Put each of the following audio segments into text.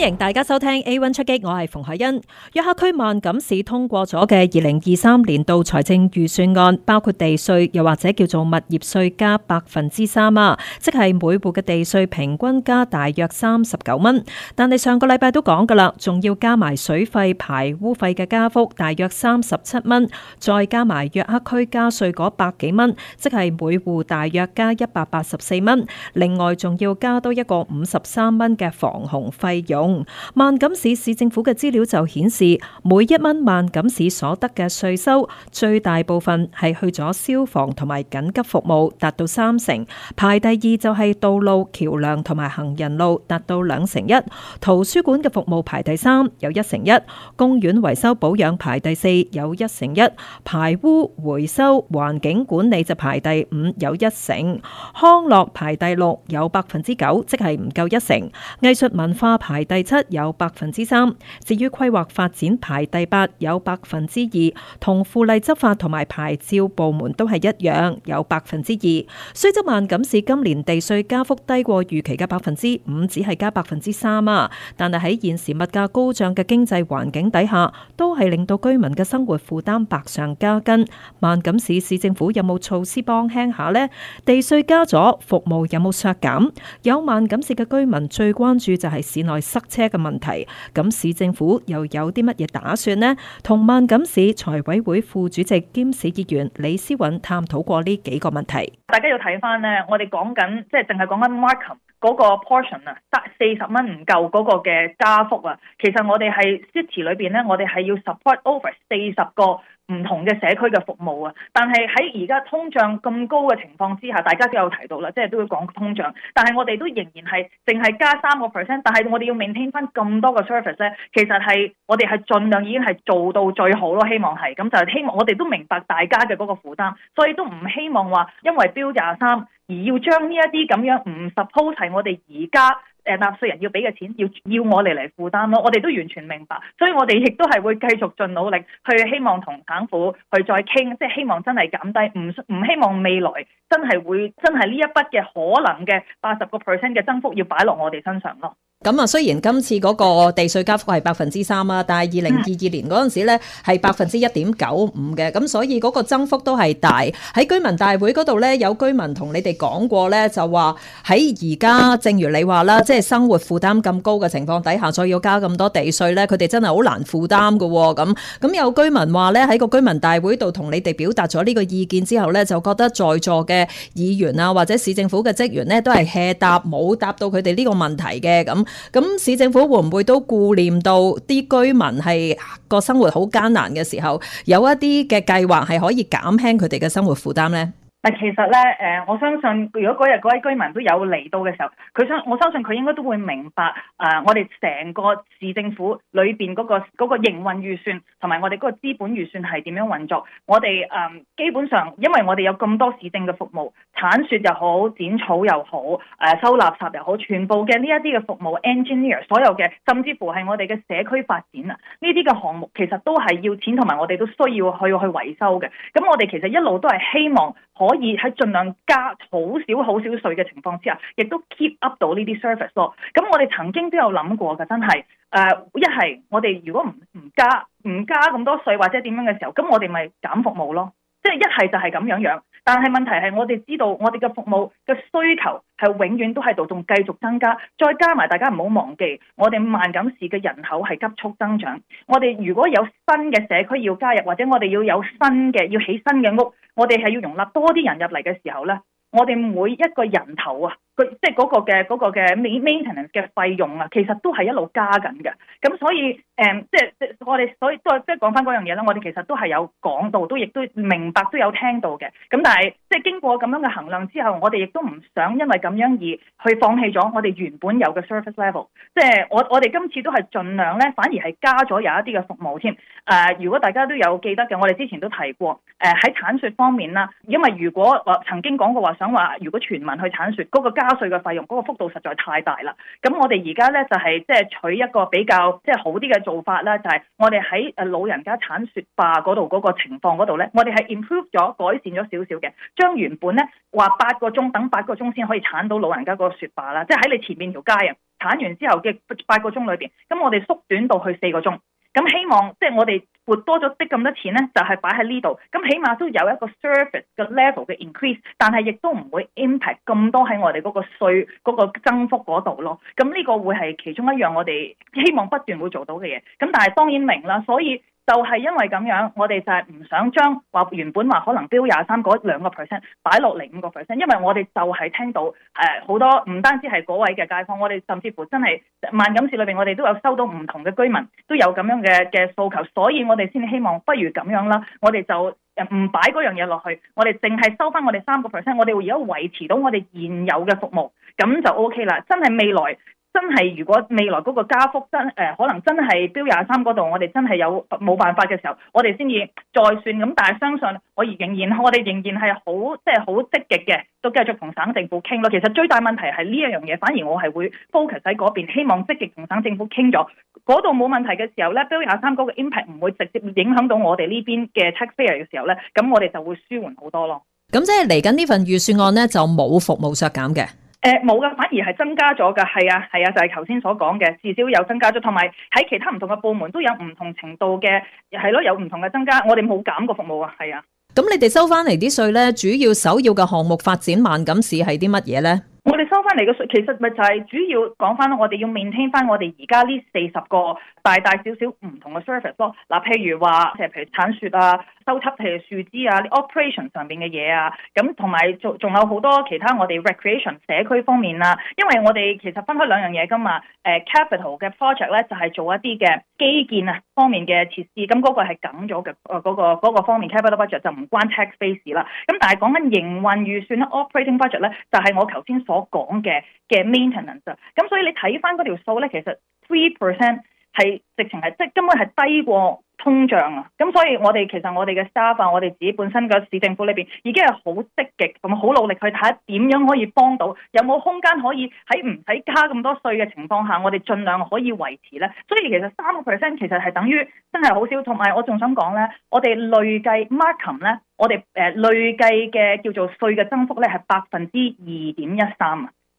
歡迎大家收聽 A1 出擊，我係馮海欣。約克區萬錦市通過咗嘅二零二三年度財政預算案，包括地稅又或者叫做物業稅加百分之三啊，即係每戶嘅地稅平均加大約三十九蚊。但係上個禮拜都講噶啦，仲要加埋水費排污費嘅加幅大約三十七蚊，再加埋約克區加稅嗰百幾蚊，即係每戶大約加一百八十四蚊。另外仲要加多一個五十三蚊嘅防洪費用。萬錦市市政府嘅資料就顯示，每一蚊萬錦市所得嘅稅收，最大部分係去咗消防同埋緊急服務，達到三成；排第二就係道路橋梁同埋行人路，達到兩成一；圖書館嘅服務排第三，有一成一；公園維修保養排第四，有一成一；排污回收環境管理就排第五，有一成；康樂排第六，有百分之九，即係唔夠一成；藝術文化排第。第七有百分之三，至於規劃發展排第八有百分之二，同附例執法同埋牌照部門都係一樣有百分之二。雖則萬錦市今年地稅加幅低過預期嘅百分之五只，只係加百分之三啊，但係喺現時物價高漲嘅經濟環境底下，都係令到居民嘅生活負擔百上加斤。萬錦市市政府有冇措施幫輕下呢？地稅加咗，服務有冇削減？有萬錦市嘅居民最關注就係市內塞。車嘅問題，咁市政府又有啲乜嘢打算呢？同萬錦市財委會副主席兼市議員李思韻探討過呢幾個問題。大家要睇翻呢，我哋講緊即係淨係講緊 Markham 嗰個 portion 啊，得四十蚊唔夠嗰個嘅加幅啊，其實我哋係 city 裏邊呢，我哋係要 support over 四十個。唔同嘅社區嘅服務啊，但係喺而家通脹咁高嘅情況之下，大家都有提到啦，即係都會講通脹。但係我哋都仍然係淨係加三個 percent，但係我哋要 maintain 翻咁多個 service 咧，其實係我哋係盡量已經係做到最好咯。希望係咁就希望我哋都明白大家嘅嗰個負擔，所以都唔希望話因為 Bill 23而要將呢一啲咁樣唔 support 係我哋而家。誒，納稅人要俾嘅錢要要我哋嚟負擔咯，我哋都完全明白，所以我哋亦都係會繼續盡努力去希望同省府去再傾，即係希望真係減低，唔唔希望未來真係會真係呢一筆嘅可能嘅八十個 percent 嘅增幅要擺落我哋身上咯。咁啊，雖然今次嗰個地稅加幅係百分之三啊，但係二零二二年嗰陣時咧係百分之一點九五嘅，咁、嗯、所以嗰個增幅都係大。喺居民大會嗰度咧，有居民同你哋講過咧，就話喺而家，正如你話啦，即係生活負擔咁高嘅情況底下，再要加咁多地稅咧，佢哋真係好難負擔噶。咁、嗯、咁、嗯嗯、有居民話咧，喺個居民大會度同你哋表達咗呢個意見之後咧，就覺得在座嘅議員啊，或者市政府嘅職員呢，都係 hea 答冇答到佢哋呢個問題嘅咁。嗯咁市政府會唔會都顧念到啲居民係個生活好艱難嘅時候，有一啲嘅計劃係可以減輕佢哋嘅生活負擔呢？但其實咧，誒，我相信，如果嗰日嗰位居民都有嚟到嘅時候，佢想，我相信佢應該都會明白，誒、呃，我哋成個市政府裏邊嗰個嗰個營運預算同埋我哋嗰個資本預算係點樣運作。我哋誒、呃、基本上，因為我哋有咁多市政嘅服務，鏟雪又好，剪草又好，誒收垃圾又好，全部嘅呢一啲嘅服務，engineer 所有嘅，甚至乎係我哋嘅社區發展啊，呢啲嘅項目其實都係要錢，同埋我哋都需要去去維修嘅。咁我哋其實一路都係希望，可以喺盡量加好少好少稅嘅情況之下，亦都 keep up 到呢啲 service 咯。咁我哋曾經都有諗過㗎，真係誒一係我哋如果唔唔加唔加咁多稅或者點樣嘅時候，咁我哋咪減服務咯。即係一係就係咁樣樣。但係問題係，我哋知道我哋嘅服務嘅需求係永遠都喺度仲繼續增加，再加埋大家唔好忘記，我哋萬錦市嘅人口係急速增長。我哋如果有新嘅社區要加入，或者我哋要有新嘅要起新嘅屋，我哋係要容納多啲人入嚟嘅時候呢。我哋每一個人頭啊，佢即係嗰個嘅嗰、嗰個嘅 maintenance 嘅費用啊，其實都係一路加緊嘅。咁所以誒、嗯，即係即係我哋所以都係即係講翻嗰樣嘢啦。我哋其實都係有講到，都亦都明白，都有聽到嘅。咁但係即係經過咁樣嘅衡量之後，我哋亦都唔想因為咁樣而去放棄咗我哋原本有嘅 service level 即。即係我我哋今次都係盡量咧，反而係加咗有一啲嘅服務添。誒、呃，如果大家都有記得嘅，我哋之前都提過誒喺產出方面啦、啊，因為如果話曾經講過話。想話，如果全民去剷雪，嗰、那個加稅嘅費用，嗰、那個幅度實在太大啦。咁我哋而家咧就係即係取一個比較即係、就是、好啲嘅做法啦，就係、是、我哋喺誒老人家剷雪霸嗰度嗰個情況嗰度咧，我哋係 improve 咗改善咗少少嘅，將原本咧話八個鐘等八個鐘先可以剷到老人家個雪霸啦，即係喺你前面條街啊，剷完之後嘅八個鐘裏邊，咁我哋縮短到去四個鐘，咁希望即係、就是、我哋。活多咗啲咁多錢呢，就係擺喺呢度，咁起碼都有一個 service 嘅 level 嘅 increase，但係亦都唔會 impact 咁多喺我哋嗰個稅嗰個增幅嗰度咯。咁呢個會係其中一樣我哋希望不斷會做到嘅嘢。咁但係當然明啦，所以。就係因為咁樣，我哋就係唔想將話原本話可能標廿三個兩個 percent 擺落嚟五個 percent，因為我哋就係聽到誒好、呃、多，唔單止係嗰位嘅街坊，我哋甚至乎真係萬錦市裏邊，我哋都有收到唔同嘅居民都有咁樣嘅嘅訴求，所以我哋先希望不如咁樣啦，我哋就唔擺嗰樣嘢落去，我哋淨係收返我哋三個 percent，我哋會而家維持到我哋現有嘅服務，咁就 OK 啦。真係未來。真係，如果未來嗰個加幅真誒、呃，可能真係 Bill 廿三嗰度，我哋真係有冇辦法嘅時候，我哋先至再算。咁但係相信我仍然，我哋仍然係好即係好積極嘅，都繼續同省政府傾咯。其實最大問題係呢一樣嘢，反而我係會 focus 喺嗰邊，希望積極同省政府傾咗嗰度冇問題嘅時候咧，Bill 廿三嗰個 impact 唔會直接影響到我哋呢邊嘅 taxpayer 嘅時候咧，咁我哋就會舒緩好多咯。咁即係嚟緊呢份預算案咧，就冇服務削減嘅。誒，冇噶、呃，反而係增加咗噶，係啊，係啊，就係頭先所講嘅，至少有增加咗，同埋喺其他唔同嘅部門都有唔同程度嘅，係咯、啊，有唔同嘅增加，我哋冇減過服務啊，係啊。咁你哋收翻嚟啲稅咧，主要首要嘅項目發展萬錦市係啲乜嘢咧？我哋收翻嚟嘅稅，其實咪就係主要講翻我哋要 maintain 翻我哋而家呢四十個大大小小唔同嘅 service 咯。嗱、呃，譬如話，譬如鏟雪啊。收集譬如樹枝啊，operation 上邊嘅嘢啊，咁同埋仲仲有好多其他我哋 recreation 社區方面啦、啊。因為我哋其實分開兩樣嘢噶嘛。誒、uh, capital 嘅 project 咧就係、是、做一啲嘅基建啊方面嘅設施，咁、嗯、嗰、那個係梗咗嘅。誒、呃、嗰、那個那個方面 capital budget 就唔關 tax base 啦。咁、嗯、但係講緊營運預算咧，operating budget 咧就係、是、我頭先所講嘅嘅 maintenance 啊。咁、嗯、所以你睇翻嗰條數咧，其實 three percent。係直情係，即係根本係低過通脹啊！咁所以我哋其實我哋嘅 staff 啊，我哋自己本身嘅市政府裏邊已經係好積極同埋好努力去睇點樣可以幫到，有冇空間可以喺唔使加咁多稅嘅情況下，我哋儘量可以維持咧。所以其實三個 percent 其實係等於真係好少。同埋我仲想講咧，我哋累計 Markham 咧，我哋誒累計嘅叫做稅嘅增幅咧係百分之二點一三啊！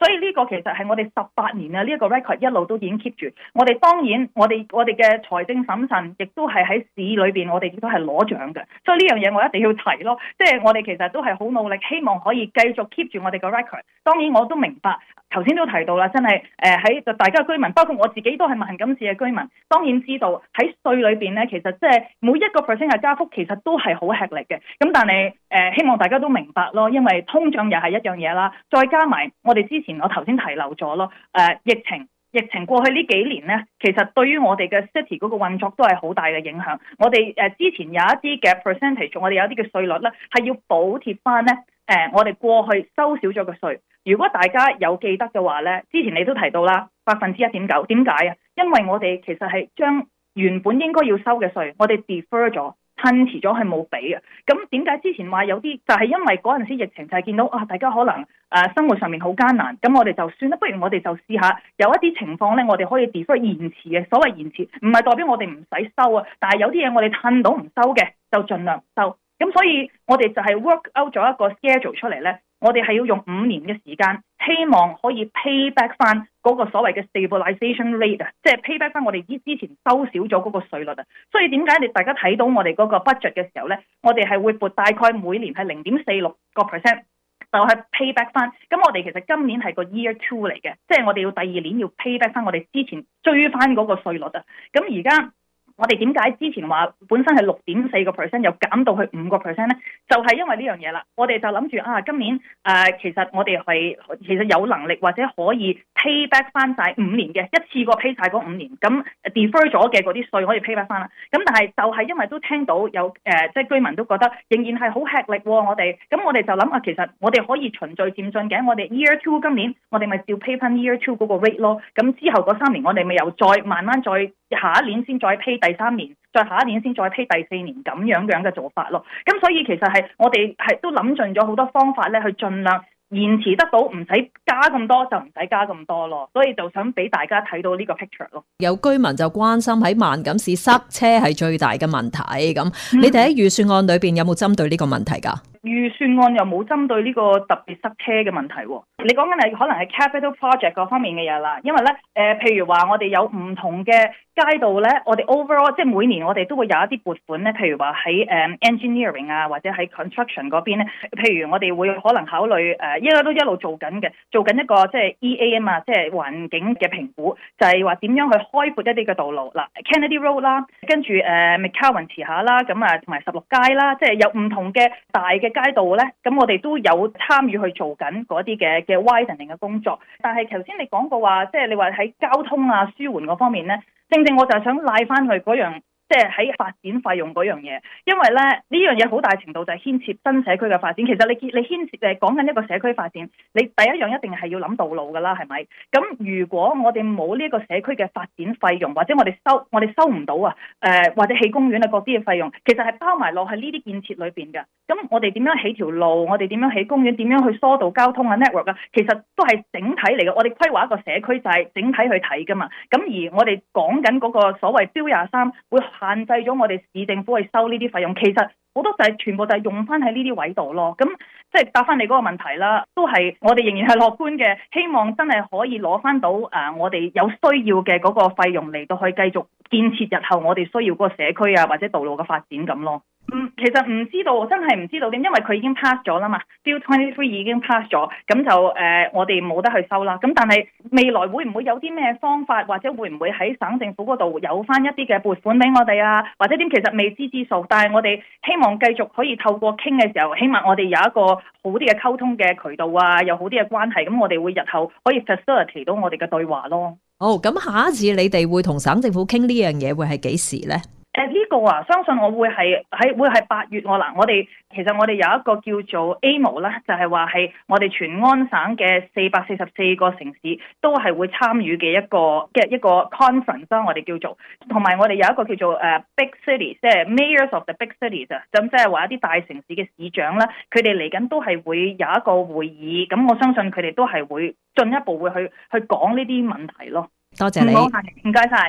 所以呢個其實係我哋十八年啊，呢一個 record 一路都已經 keep 住。我哋當然，我哋我哋嘅財政審慎，亦都係喺市裏邊，我哋亦都係攞獎嘅。所以呢樣嘢我一定要提咯，即係我哋其實都係好努力，希望可以繼續 keep 住我哋個 record。當然我都明白，頭先都提到啦，真係誒喺大家居民，包括我自己都係萬錦市嘅居民，當然知道喺稅裏邊咧，其實即係每一個 percent 嘅加幅，其實都係好吃力嘅。咁但係誒、呃，希望大家都明白咯，因為通脹又係一樣嘢啦，再加埋我哋之前。我頭先提留咗咯，誒、啊、疫情疫情過去呢幾年咧，其實對於我哋嘅 city 嗰個運作都係好大嘅影響。我哋誒、啊、之前有一啲嘅 percentage，我哋有一啲嘅稅率咧，係要補貼翻咧誒我哋過去收少咗嘅稅。如果大家有記得嘅話咧，之前你都提到啦，百分之一點九，點解啊？因為我哋其實係將原本應該要收嘅稅，我哋 defer 咗。吞遲咗係冇俾啊。咁點解之前話有啲就係、是、因為嗰陣時疫情就係見到啊，大家可能誒、啊、生活上面好艱難，咁我哋就算啦，不如我哋就試下有一啲情況咧，我哋可以 defer 延遲嘅，所謂延遲唔係代表我哋唔使收啊，但係有啲嘢我哋吞到唔收嘅就儘量唔收，咁所以我哋就係 work out 咗一個 schedule 出嚟咧。我哋係要用五年嘅時間，希望可以 pay back 翻嗰個所謂嘅 stabilization rate 啊，即係 pay back 翻我哋之之前收少咗嗰個稅率啊。所以點解你大家睇到我哋嗰個 budget 嘅時候咧，我哋係會撥大概每年係零點四六個 percent，就係 pay back 翻。咁我哋其實今年係個 year two 嚟嘅，即係我哋要第二年要 pay back 翻我哋之前追翻嗰個稅率啊。咁而家。我哋點解之前話本身係六點四個 percent，又減到去五個 percent 咧？就係、是、因為呢樣嘢啦。我哋就諗住啊，今年誒、呃、其實我哋係其實有能力或者可以 pay back 翻晒五年嘅，一次過 pay 晒嗰五年，咁、嗯、defer 咗嘅嗰啲稅可以 pay back 翻啦。咁、嗯、但係就係因為都聽到有誒，即、呃、係、就是、居民都覺得仍然係好吃力喎。我哋咁、嗯、我哋就諗啊，其實我哋可以循序漸進嘅。我哋 year two 今年我哋咪照 pay 翻 year two 嗰個 rate 咯。咁、嗯、之後嗰三年我哋咪又再慢慢再。下一年先再批第三年，再下一年先再批第四年咁樣這樣嘅做法咯。咁所以其實係我哋係都諗盡咗好多方法咧，去盡量延遲得到，唔使加咁多就唔使加咁多咯。所以就想俾大家睇到呢個 picture 咯。有居民就關心喺萬錦市塞車係最大嘅問題咁，你哋喺預算案裏邊有冇針對呢個問題㗎？嗯預算案又冇針對呢個特別塞車嘅問題喎、哦，你講緊係可能係 capital project 嗰方面嘅嘢啦，因為咧誒、呃，譬如話我哋有唔同嘅街道咧，我哋 overall 即係每年我哋都會有一啲撥款咧，譬如話喺誒 engineering 啊，或者喺 construction 嗰邊咧，譬如我哋會可能考慮誒，依、呃、家都一路做緊嘅，做緊一個即係 EAM 啊即係、就是、環境嘅評估，就係話點樣去開闊一啲嘅道路啦，Kennedy Road 啦、啊，跟住誒 McCowan 遲下啦，咁、uh, 啊，啊、就是、同埋十六街啦，即係有唔同嘅大嘅。街道咧，咁、嗯、我哋都有參與去做緊嗰啲嘅嘅 widening 嘅工作，但係頭先你講過話，即係你話喺交通啊、舒緩嗰方面咧，正正我就係想拉翻佢嗰樣。即係喺發展費用嗰樣嘢，因為咧呢樣嘢好大程度就係牽涉新社區嘅發展。其實你建你牽涉誒講緊一個社區發展，你第一樣一定係要諗道路㗎啦，係咪？咁如果我哋冇呢一個社區嘅發展費用，或者我哋收我哋收唔到啊誒、呃，或者起公園啊各啲嘅費用，其實係包埋落係呢啲建設裏邊嘅。咁我哋點樣起條路？我哋點樣起公園？點樣去疏導交通啊 network 啊？其實都係整體嚟嘅。我哋規劃一個社區就係整體去睇㗎嘛。咁而我哋講緊嗰個所謂標廿三會。限制咗我哋市政府去收呢啲費用，其實好多就係、是、全部就係用翻喺呢啲位度咯。咁即係答翻你嗰個問題啦，都係我哋仍然係樂觀嘅，希望真係可以攞翻到誒、呃、我哋有需要嘅嗰個費用嚟到去繼續建設日後我哋需要個社區啊或者道路嘅發展咁咯。嗯，其實唔知道，真係唔知道點，因為佢已經 pass 咗啦嘛，Bill 23已經 pass 咗，咁就誒、呃，我哋冇得去收啦。咁但係未來會唔會有啲咩方法，或者會唔會喺省政府嗰度有翻一啲嘅撥款俾我哋啊？或者點，其實未知之數。但係我哋希望繼續可以透過傾嘅時候，起碼我哋有一個好啲嘅溝通嘅渠道啊，有好啲嘅關係，咁我哋會日後可以 facilitate 到我哋嘅對話咯。好，咁下一次你哋會同省政府傾呢樣嘢，會係幾時咧？誒，呢個啊，相信我會係喺會係八月我嗱，我哋其實我哋有一個叫做 AMO 啦，就係話係我哋全安省嘅四百四十四個城市都係會參與嘅一個嘅一個 conference 啦，我哋叫做，同埋我哋有一個叫做誒 big city，即係 mayors of the big cities，咁即係話一啲大城市嘅市長啦，佢哋嚟緊都係會有一個會議，咁我相信佢哋都係會進一步會去去講呢啲問題咯。多謝你，好，唔該晒。